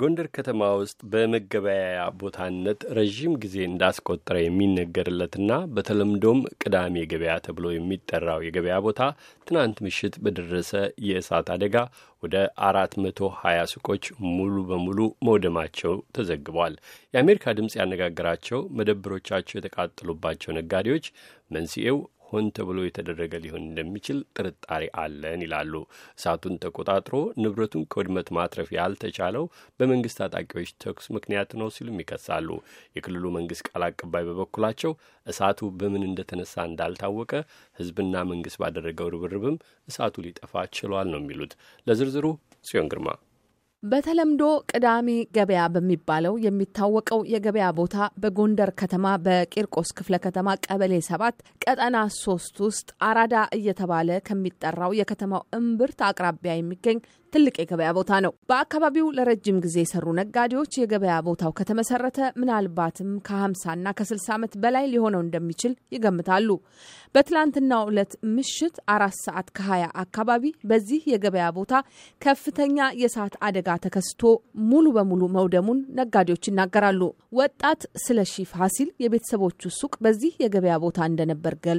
ጎንደር ከተማ ውስጥ በመገበያያ ቦታነት ረዥም ጊዜ እንዳስቆጠረ የሚነገርለትና በተለምዶም ቅዳሜ ገበያ ተብሎ የሚጠራው የገበያ ቦታ ትናንት ምሽት በደረሰ የእሳት አደጋ ወደ 420 ሱቆች ሙሉ በሙሉ መውደማቸው ተዘግቧል። የአሜሪካ ድምፅ ያነጋገራቸው መደብሮቻቸው የተቃጠሉባቸው ነጋዴዎች መንስኤው ሆን ተብሎ የተደረገ ሊሆን እንደሚችል ጥርጣሬ አለን ይላሉ። እሳቱን ተቆጣጥሮ ንብረቱን ከውድመት ማትረፍ ያልተቻለው በመንግስት ታጣቂዎች ተኩስ ምክንያት ነው ሲሉም ይከሳሉ። የክልሉ መንግስት ቃል አቀባይ በበኩላቸው እሳቱ በምን እንደተነሳ እንዳልታወቀ ህዝብና መንግስት ባደረገው ርብርብም እሳቱ ሊጠፋ ችሏል ነው የሚሉት። ለዝርዝሩ ጽዮን ግርማ በተለምዶ ቅዳሜ ገበያ በሚባለው የሚታወቀው የገበያ ቦታ በጎንደር ከተማ በቂርቆስ ክፍለ ከተማ ቀበሌ ሰባት ቀጠና ሶስት ውስጥ አራዳ እየተባለ ከሚጠራው የከተማው እምብርት አቅራቢያ የሚገኝ ትልቅ የገበያ ቦታ ነው። በአካባቢው ለረጅም ጊዜ የሰሩ ነጋዴዎች የገበያ ቦታው ከተመሰረተ ምናልባትም ከ50ና ከ60 ዓመት በላይ ሊሆነው እንደሚችል ይገምታሉ። በትላንትናው ዕለት ምሽት አራት ሰዓት ከ20 አካባቢ በዚህ የገበያ ቦታ ከፍተኛ የእሳት አደጋ ተከስቶ ሙሉ በሙሉ መውደሙን ነጋዴዎች ይናገራሉ። ወጣት ስለሺ ፋሲል የቤተሰቦቹ ሱቅ በዚህ የገበያ ቦታ እንደነበር ገልጾ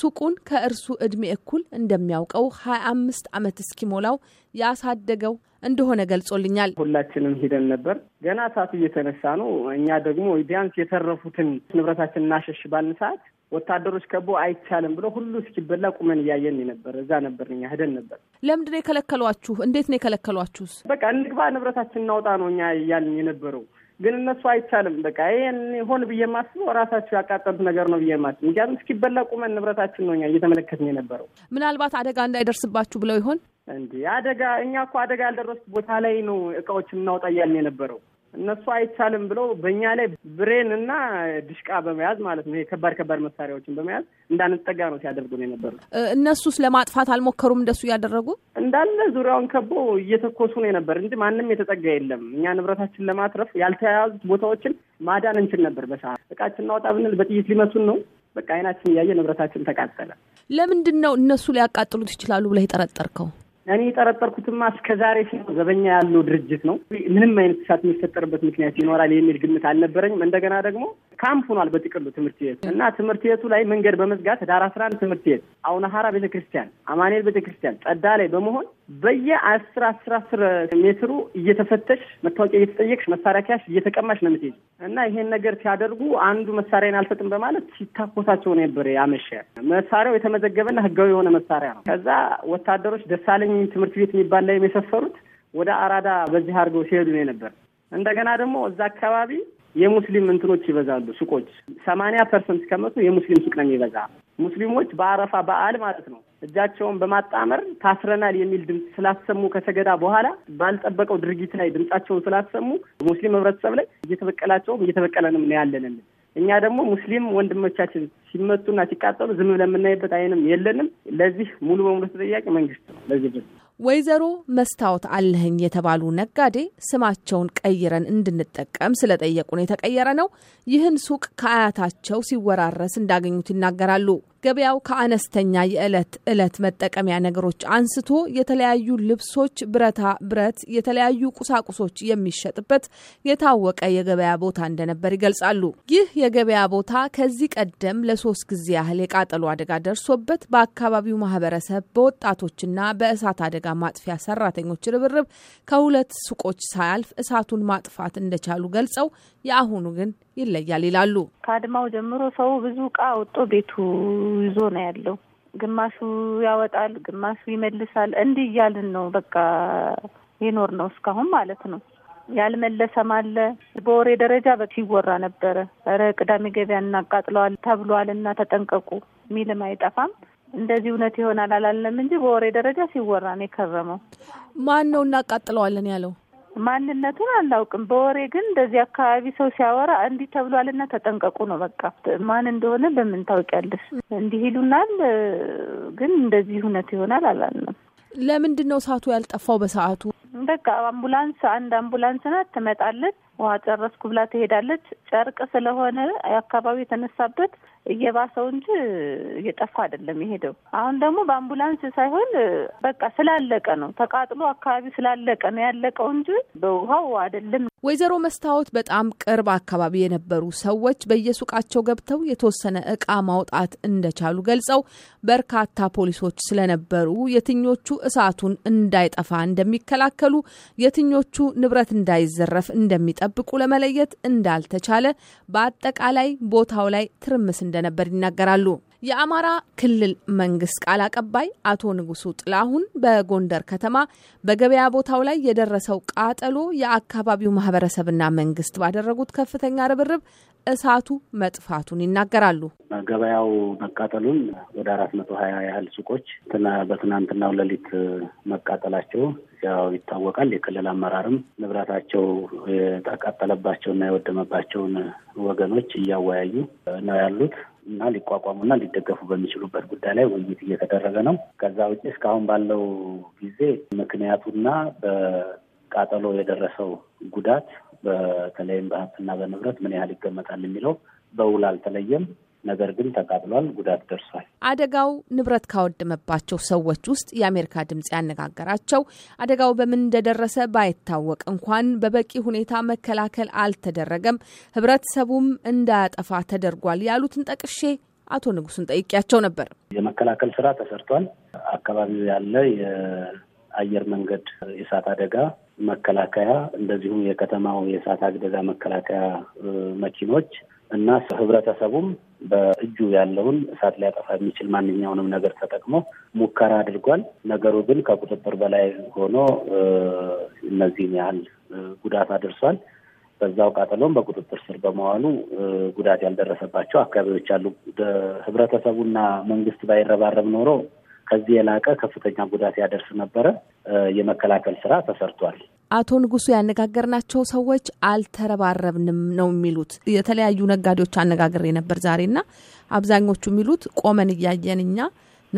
ሱቁን ከእርሱ ዕድሜ እኩል እንደሚያውቀው 25 ዓመት እስኪሞላው ያሳደገው እንደሆነ ገልጾልኛል። ሁላችንም ሂደን ነበር። ገና እሳቱ እየተነሳ ነው። እኛ ደግሞ ቢያንስ የተረፉትን ንብረታችን እናሸሽ ባልን ሰዓት ወታደሮች ከቦ አይቻልም ብሎ ሁሉ እስኪበላ ቁመን እያየን ነበር። እዛ ነበር እኛ ሄደን ነበር። ለምንድን ነው የከለከሏችሁ? እንዴት ነው የከለከሏችሁስ? በቃ እንግባ፣ ንብረታችን እናውጣ ነው እኛ እያልን የነበረው ግን እነሱ አይቻልም። በቃ ይህን ሆን ብዬ የማስበው ራሳቸው ያቃጠሉት ነገር ነው ብዬ ማስብ። ምክንያቱም እስኪበላ ቁመን ንብረታችን ነው እኛ እየተመለከትን የነበረው። ምናልባት አደጋ እንዳይደርስባችሁ ብለው ይሆን እንዲ አደጋ እኛ እኮ አደጋ ያልደረሱት ቦታ ላይ ነው እቃዎች እናውጣ እያልን የነበረው እነሱ አይቻልም ብለው በእኛ ላይ ብሬን እና ድሽቃ በመያዝ ማለት ነው የከባድ ከባድ መሳሪያዎችን በመያዝ እንዳንጠጋ ነው ሲያደርጉ ነው የነበሩት። እነሱስ ለማጥፋት አልሞከሩም። እንደሱ እያደረጉ እንዳለ ዙሪያውን ከቦ እየተኮሱ ነው የነበር እንጂ ማንም የተጠጋ የለም። እኛ ንብረታችን ለማትረፍ ያልተያያዙት ቦታዎችን ማዳን እንችል ነበር። በሰዓት እቃችን እናወጣ ብንል በጥይት ሊመቱን ነው። በቃ አይናችን እያየ ንብረታችን ተቃጠለ። ለምንድን ነው እነሱ ሊያቃጥሉት ይችላሉ ብለህ የጠረጠርከው? እኔ የጠረጠርኩትማ እስከ ዛሬ ሲሆን ዘበኛ ያለው ድርጅት ነው፣ ምንም አይነት እሳት የሚፈጠርበት ምክንያት ይኖራል የሚል ግምት አልነበረኝም። እንደገና ደግሞ ካምፕ ሆኗል በጥቅሉ ትምህርት ቤቱ እና ትምህርት ቤቱ ላይ መንገድ በመዝጋት ዳር አስራ አንድ ትምህርት ቤት፣ አቡነ ሀራ አማኔል ቤተ ክርስቲያን ጸዳ ላይ በመሆን በየ አስር አስር አስር ሜትሩ እየተፈተሽ መታወቂያ እየተጠየቅሽ መሳሪያ ከያሽ እየተቀማሽ ነው የምትሄጂው እና ይሄን ነገር ሲያደርጉ አንዱ መሳሪያን አልሰጥም በማለት ሲታኮሳቸው ነበር ያመሸ። መሳሪያው የተመዘገበና ህጋዊ የሆነ መሳሪያ ነው። ከዛ ወታደሮች ደሳለኝ ትምህርት ቤት የሚባል ላይ የሰፈሩት ወደ አራዳ በዚህ አድርገው ሲሄዱ ነው የነበር። እንደገና ደግሞ እዛ አካባቢ የሙስሊም እንትኖች ይበዛሉ፣ ሱቆች ሰማንያ ፐርሰንት ከመቶ የሙስሊም ሱቅ ነው የሚበዛ። ሙስሊሞች በአረፋ በዓል ማለት ነው እጃቸውን በማጣመር ታስረናል የሚል ድምፅ ስላሰሙ ከሰገዳ በኋላ ባልጠበቀው ድርጊት ላይ ድምፃቸውን ስላሰሙ ሙስሊም ህብረተሰብ ላይ እየተበቀላቸውም እየተበቀለንም ነው ያለንን እኛ ደግሞ ሙስሊም ወንድሞቻችን ሲመቱና ሲቃጠሉ ዝም ለምናይበት አይንም የለንም። ለዚህ ሙሉ በሙሉ ተጠያቂ መንግስት ነው። ለዚህ ወይዘሮ መስታወት አለህኝ የተባሉ ነጋዴ ስማቸውን ቀይረን እንድንጠቀም ስለጠየቁን የተቀየረ ነው። ይህን ሱቅ ከአያታቸው ሲወራረስ እንዳገኙት ይናገራሉ። ገበያው ከአነስተኛ የዕለት ዕለት መጠቀሚያ ነገሮች አንስቶ የተለያዩ ልብሶች፣ ብረታ ብረት፣ የተለያዩ ቁሳቁሶች የሚሸጥበት የታወቀ የገበያ ቦታ እንደነበር ይገልጻሉ። ይህ የገበያ ቦታ ከዚህ ቀደም ለሶስት ጊዜ ያህል የቃጠሎ አደጋ ደርሶበት በአካባቢው ማህበረሰብ በወጣቶችና በእሳት አደጋ ማጥፊያ ሰራተኞች ርብርብ ከሁለት ሱቆች ሳያልፍ እሳቱን ማጥፋት እንደቻሉ ገልጸው የአሁኑ ግን ይለያል ይላሉ። ከአድማው ጀምሮ ሰው ብዙ እቃ ወጦ ቤቱ ይዞ ነው ያለው። ግማሹ ያወጣል፣ ግማሹ ይመልሳል። እንዲህ እያልን ነው በቃ የኖር ነው እስካሁን ማለት ነው። ያልመለሰም አለ። በወሬ ደረጃ ሲወራ ነበረ፣ ኧረ ቅዳሜ ገበያ እናቃጥለዋል ተብሏል እና ተጠንቀቁ ሚልም አይጠፋም። እንደዚህ እውነት ይሆናል አላለም እንጂ በወሬ ደረጃ ሲወራ ነው የከረመው። ማን ነው እናቃጥለዋለን ያለው? ማንነቱን አናውቅም። በወሬ ግን እንደዚህ አካባቢ ሰው ሲያወራ እንዲህ ተብሏልና ተጠንቀቁ ነው በቃ። ማን እንደሆነ በምን ታውቂያለሽ? እንዲህ ይሉናል፣ ግን እንደዚህ እውነት ይሆናል አላልንም። ለምንድን ነው እሳቱ ያልጠፋው በሰዓቱ? በቃ አምቡላንስ አንድ አምቡላንስ ናት ትመጣለች ውሃ ጨረስኩ ብላ ትሄዳለች። ጨርቅ ስለሆነ አካባቢ የተነሳበት እየባሰው እንጂ እየጠፋ አይደለም የሄደው። አሁን ደግሞ በአምቡላንስ ሳይሆን በቃ ስላለቀ ነው፣ ተቃጥሎ አካባቢ ስላለቀ ነው ያለቀው እንጂ በውሃው አይደለም ወይዘሮ መስታወት በጣም ቅርብ አካባቢ የነበሩ ሰዎች በየሱቃቸው ገብተው የተወሰነ እቃ ማውጣት እንደቻሉ ገልጸው በርካታ ፖሊሶች ስለነበሩ የትኞቹ እሳቱን እንዳይጠፋ እንደሚከላከሉ፣ የትኞቹ ንብረት እንዳይዘረፍ እንደሚጠብቁ ለመለየት እንዳልተቻለ፣ በአጠቃላይ ቦታው ላይ ትርምስ እንደነበር ይናገራሉ። የአማራ ክልል መንግስት ቃል አቀባይ አቶ ንጉሱ ጥላሁን በጎንደር ከተማ በገበያ ቦታው ላይ የደረሰው ቃጠሎ የአካባቢው ማህበረሰብና መንግስት ባደረጉት ከፍተኛ ርብርብ እሳቱ መጥፋቱን ይናገራሉ። ገበያው መቃጠሉን ወደ አራት መቶ ሀያ ያህል ሱቆች በትናንትናው ሌሊት መቃጠላቸው ያው ይታወቃል። የክልል አመራርም ንብረታቸው የተቃጠለባቸውና የወደመባቸውን ወገኖች እያወያዩ ነው ያሉት። እና ሊቋቋሙና ሊደገፉ በሚችሉበት ጉዳይ ላይ ውይይት እየተደረገ ነው። ከዛ ውጭ እስካሁን ባለው ጊዜ ምክንያቱና በቃጠሎ የደረሰው ጉዳት በተለይም በሀብትና በንብረት ምን ያህል ይገመታል የሚለው በውል አልተለየም። ነገር ግን ተቃጥሏል፣ ጉዳት ደርሷል። አደጋው ንብረት ካወደመባቸው ሰዎች ውስጥ የአሜሪካ ድምጽ ያነጋገራቸው አደጋው በምን እንደደረሰ ባይታወቅ እንኳን በበቂ ሁኔታ መከላከል አልተደረገም፣ ህብረተሰቡም እንዳያጠፋ ተደርጓል ያሉትን ጠቅሼ አቶ ንጉሱን ጠይቄያቸው ነበር። የመከላከል ስራ ተሰርቷል። አካባቢው ያለ የአየር መንገድ የእሳት አደጋ መከላከያ እንደዚሁም የከተማው የእሳት አደጋ መከላከያ መኪኖች እና ህብረተሰቡም በእጁ ያለውን እሳት ሊያጠፋ የሚችል ማንኛውንም ነገር ተጠቅሞ ሙከራ አድርጓል። ነገሩ ግን ከቁጥጥር በላይ ሆኖ እነዚህን ያህል ጉዳት አድርሷል። በዛው ቃጠሎም በቁጥጥር ስር በመዋሉ ጉዳት ያልደረሰባቸው አካባቢዎች አሉ። ህብረተሰቡና መንግስት ባይረባረብ ኖሮ ከዚህ የላቀ ከፍተኛ ጉዳት ያደርስ ነበረ። የመከላከል ስራ ተሰርቷል። አቶ ንጉሱ ያነጋገርናቸው ሰዎች አልተረባረብንም ነው የሚሉት። የተለያዩ ነጋዴዎች አነጋግሬ ነበር ዛሬና አብዛኞቹ የሚሉት ቆመን እያየን እኛ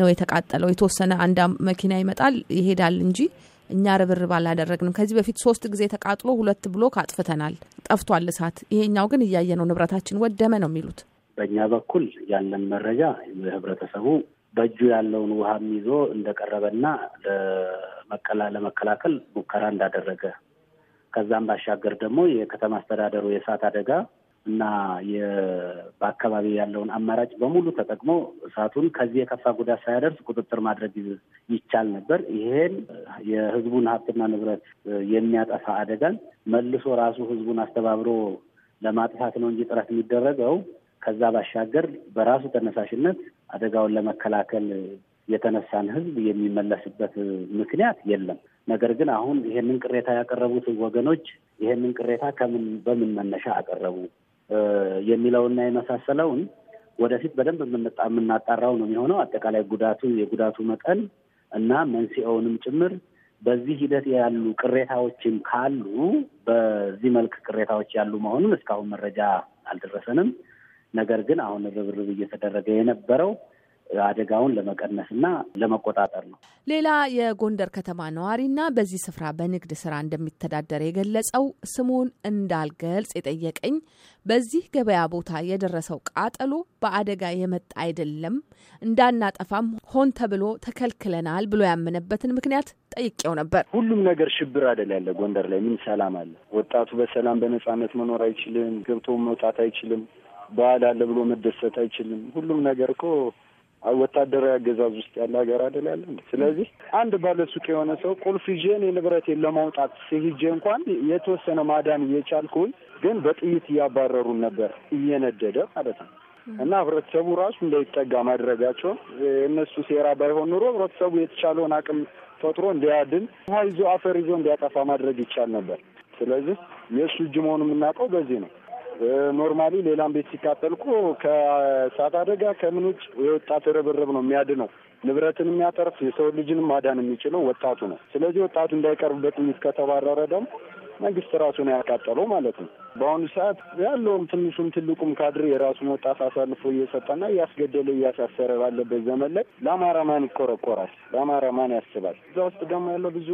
ነው የተቃጠለው። የተወሰነ አንድ መኪና ይመጣል ይሄዳል እንጂ እኛ ርብርብ አላደረግንም። ከዚህ በፊት ሶስት ጊዜ ተቃጥሎ ሁለት ብሎክ አጥፍተናል፣ ጠፍቷል እሳት። ይሄኛው ግን እያየ ነው ንብረታችን ወደመ ነው የሚሉት። በእኛ በኩል ያለን መረጃ ህብረተሰቡ በእጁ ያለውን ውሃም ይዞ እንደቀረበና ለመከላከል ሙከራ እንዳደረገ ከዛም ባሻገር ደግሞ የከተማ አስተዳደሩ የእሳት አደጋ እና በአካባቢ ያለውን አማራጭ በሙሉ ተጠቅሞ እሳቱን ከዚህ የከፋ ጉዳት ሳያደርስ ቁጥጥር ማድረግ ይቻል ነበር። ይሄን የህዝቡን ሀብትና ንብረት የሚያጠፋ አደጋን መልሶ ራሱ ህዝቡን አስተባብሮ ለማጥፋት ነው እንጂ ጥረት የሚደረገው ከዛ ባሻገር በራሱ ተነሳሽነት አደጋውን ለመከላከል የተነሳን ህዝብ የሚመለስበት ምክንያት የለም። ነገር ግን አሁን ይሄንን ቅሬታ ያቀረቡት ወገኖች ይሄንን ቅሬታ ከምን በምን መነሻ አቀረቡ የሚለውና የመሳሰለውን ወደፊት በደንብ የምናጣራው ነው የሚሆነው። አጠቃላይ ጉዳቱ የጉዳቱ መጠን እና መንስኤውንም ጭምር በዚህ ሂደት ያሉ ቅሬታዎችም ካሉ በዚህ መልክ ቅሬታዎች ያሉ መሆኑን እስካሁን መረጃ አልደረሰንም። ነገር ግን አሁን ርብርብ እየተደረገ የነበረው አደጋውን ለመቀነስ ለመቆጣጠር ነው። ሌላ የጎንደር ከተማ ነዋሪና በዚህ ስፍራ በንግድ ስራ እንደሚተዳደር የገለጸው ስሙን እንዳልገልጽ የጠየቀኝ በዚህ ገበያ ቦታ የደረሰው ቃጠሎ በአደጋ የመጣ አይደለም፣ እንዳናጠፋም ሆን ተብሎ ተከልክለናል ብሎ ያመነበትን ምክንያት ጠይቄው ነበር። ሁሉም ነገር ሽብር አደል ያለ ጎንደር ላይ ምን ሰላም አለ? ወጣቱ በሰላም በነጻነት መኖር አይችልም፣ ገብቶ መውጣት አይችልም፣ በዓል አለ ብሎ መደሰት አይችልም። ሁሉም ነገር እኮ ወታደራዊ አገዛዝ ውስጥ ያለ ሀገር አይደል ያለ። ስለዚህ አንድ ባለሱቅ የሆነ ሰው ቁልፍ ይዤን የንብረቴን ለማውጣት ሲሄጄ እንኳን የተወሰነ ማዳን እየቻልኩኝ፣ ግን በጥይት እያባረሩን ነበር እየነደደ ማለት ነው። እና ህብረተሰቡ ራሱ እንዳይጠጋ ማድረጋቸው እነሱ ሴራ ባይሆን ኑሮ ህብረተሰቡ የተቻለውን አቅም ፈጥሮ እንዲያድን ውሃ ይዞ አፈር ይዞ እንዲያጠፋ ማድረግ ይቻል ነበር። ስለዚህ የእሱ እጅ መሆኑ የምናውቀው በዚህ ነው። ኖርማሊ ሌላም ቤት ሲቃጠል እኮ ከእሳት አደጋ ከምኖች የወጣት ርብርብ ነው የሚያድነው። ንብረትን የሚያጠርፍ የሰው ልጅንም ማዳን የሚችለው ወጣቱ ነው። ስለዚህ ወጣቱ እንዳይቀርብበት ከተባረረ ደግሞ መንግስት ራሱን ያቃጠለው ማለት ነው። በአሁኑ ሰዓት ያለውም ትንሹም ትልቁም ካድሬ የራሱን ወጣት አሳልፎ እየሰጠና እያስገደለ እያሳሰረ ባለበት ዘመን ላይ ለአማራ ማን ይቆረቆራል? ለአማራ ማን ያስባል? እዛ ውስጥ ደግሞ ያለ ብዙ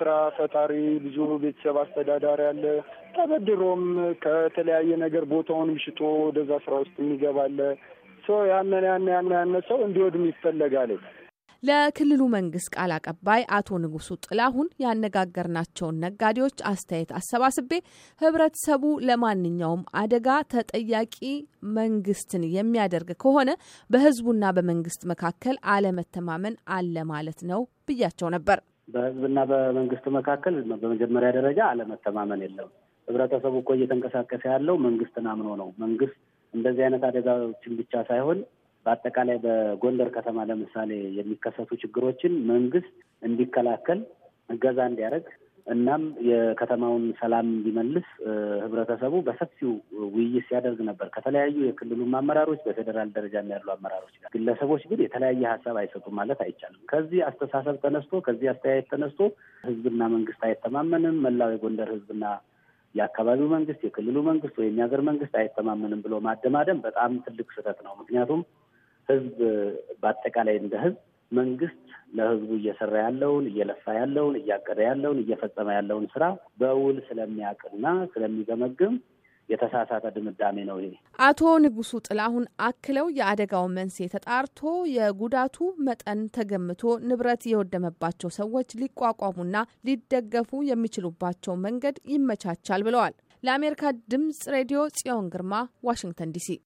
ስራ ፈጣሪ ብዙ ቤተሰብ አስተዳዳሪ አለ። ተበድሮም ከተለያየ ነገር ቦታውንም ሽጦ ወደዛ ስራ ውስጥ የሚገባለ ሰው ያንን ያነ ያነ ሰው እንዲወድም ይፈለጋል። ለክልሉ መንግስት ቃል አቀባይ አቶ ንጉሱ ጥላሁን ያነጋገርናቸውን ነጋዴዎች አስተያየት አሰባስቤ ህብረተሰቡ ለማንኛውም አደጋ ተጠያቂ መንግስትን የሚያደርግ ከሆነ በህዝቡና በመንግስት መካከል አለመተማመን አለ ማለት ነው ብያቸው ነበር። በህዝብና በመንግስት መካከል በመጀመሪያ ደረጃ አለመተማመን የለም። ህብረተሰቡ እኮ እየተንቀሳቀሰ ያለው መንግስትን አምኖ ነው። መንግስት እንደዚህ አይነት አደጋዎችን ብቻ ሳይሆን በአጠቃላይ በጎንደር ከተማ ለምሳሌ የሚከሰቱ ችግሮችን መንግስት እንዲከላከል እገዛ እንዲያደርግ እናም የከተማውን ሰላም እንዲመልስ ህብረተሰቡ በሰፊው ውይይት ሲያደርግ ነበር ከተለያዩ የክልሉም አመራሮች በፌዴራል ደረጃ ያሉ አመራሮች ጋር። ግለሰቦች ግን የተለያየ ሀሳብ አይሰጡም ማለት አይቻልም። ከዚህ አስተሳሰብ ተነስቶ ከዚህ አስተያየት ተነስቶ ህዝብና መንግስት አይተማመንም፣ መላው የጎንደር ህዝብና የአካባቢው መንግስት፣ የክልሉ መንግስት ወይም የሀገር መንግስት አይተማመንም ብሎ ማደማደም በጣም ትልቅ ስህተት ነው። ምክንያቱም ህዝብ በአጠቃላይ እንደ ህዝብ መንግስት ለህዝቡ እየሰራ ያለውን እየለፋ ያለውን እያቀደ ያለውን እየፈጸመ ያለውን ስራ በውል ስለሚያውቅና ስለሚገመግም የተሳሳተ ድምዳሜ ነው ይሄ። አቶ ንጉሱ ጥላሁን አክለው የአደጋው መንስኤ ተጣርቶ የጉዳቱ መጠን ተገምቶ ንብረት የወደመባቸው ሰዎች ሊቋቋሙና ሊደገፉ የሚችሉባቸው መንገድ ይመቻቻል ብለዋል። ለአሜሪካ ድምጽ ሬዲዮ ጽዮን ግርማ ዋሽንግተን ዲሲ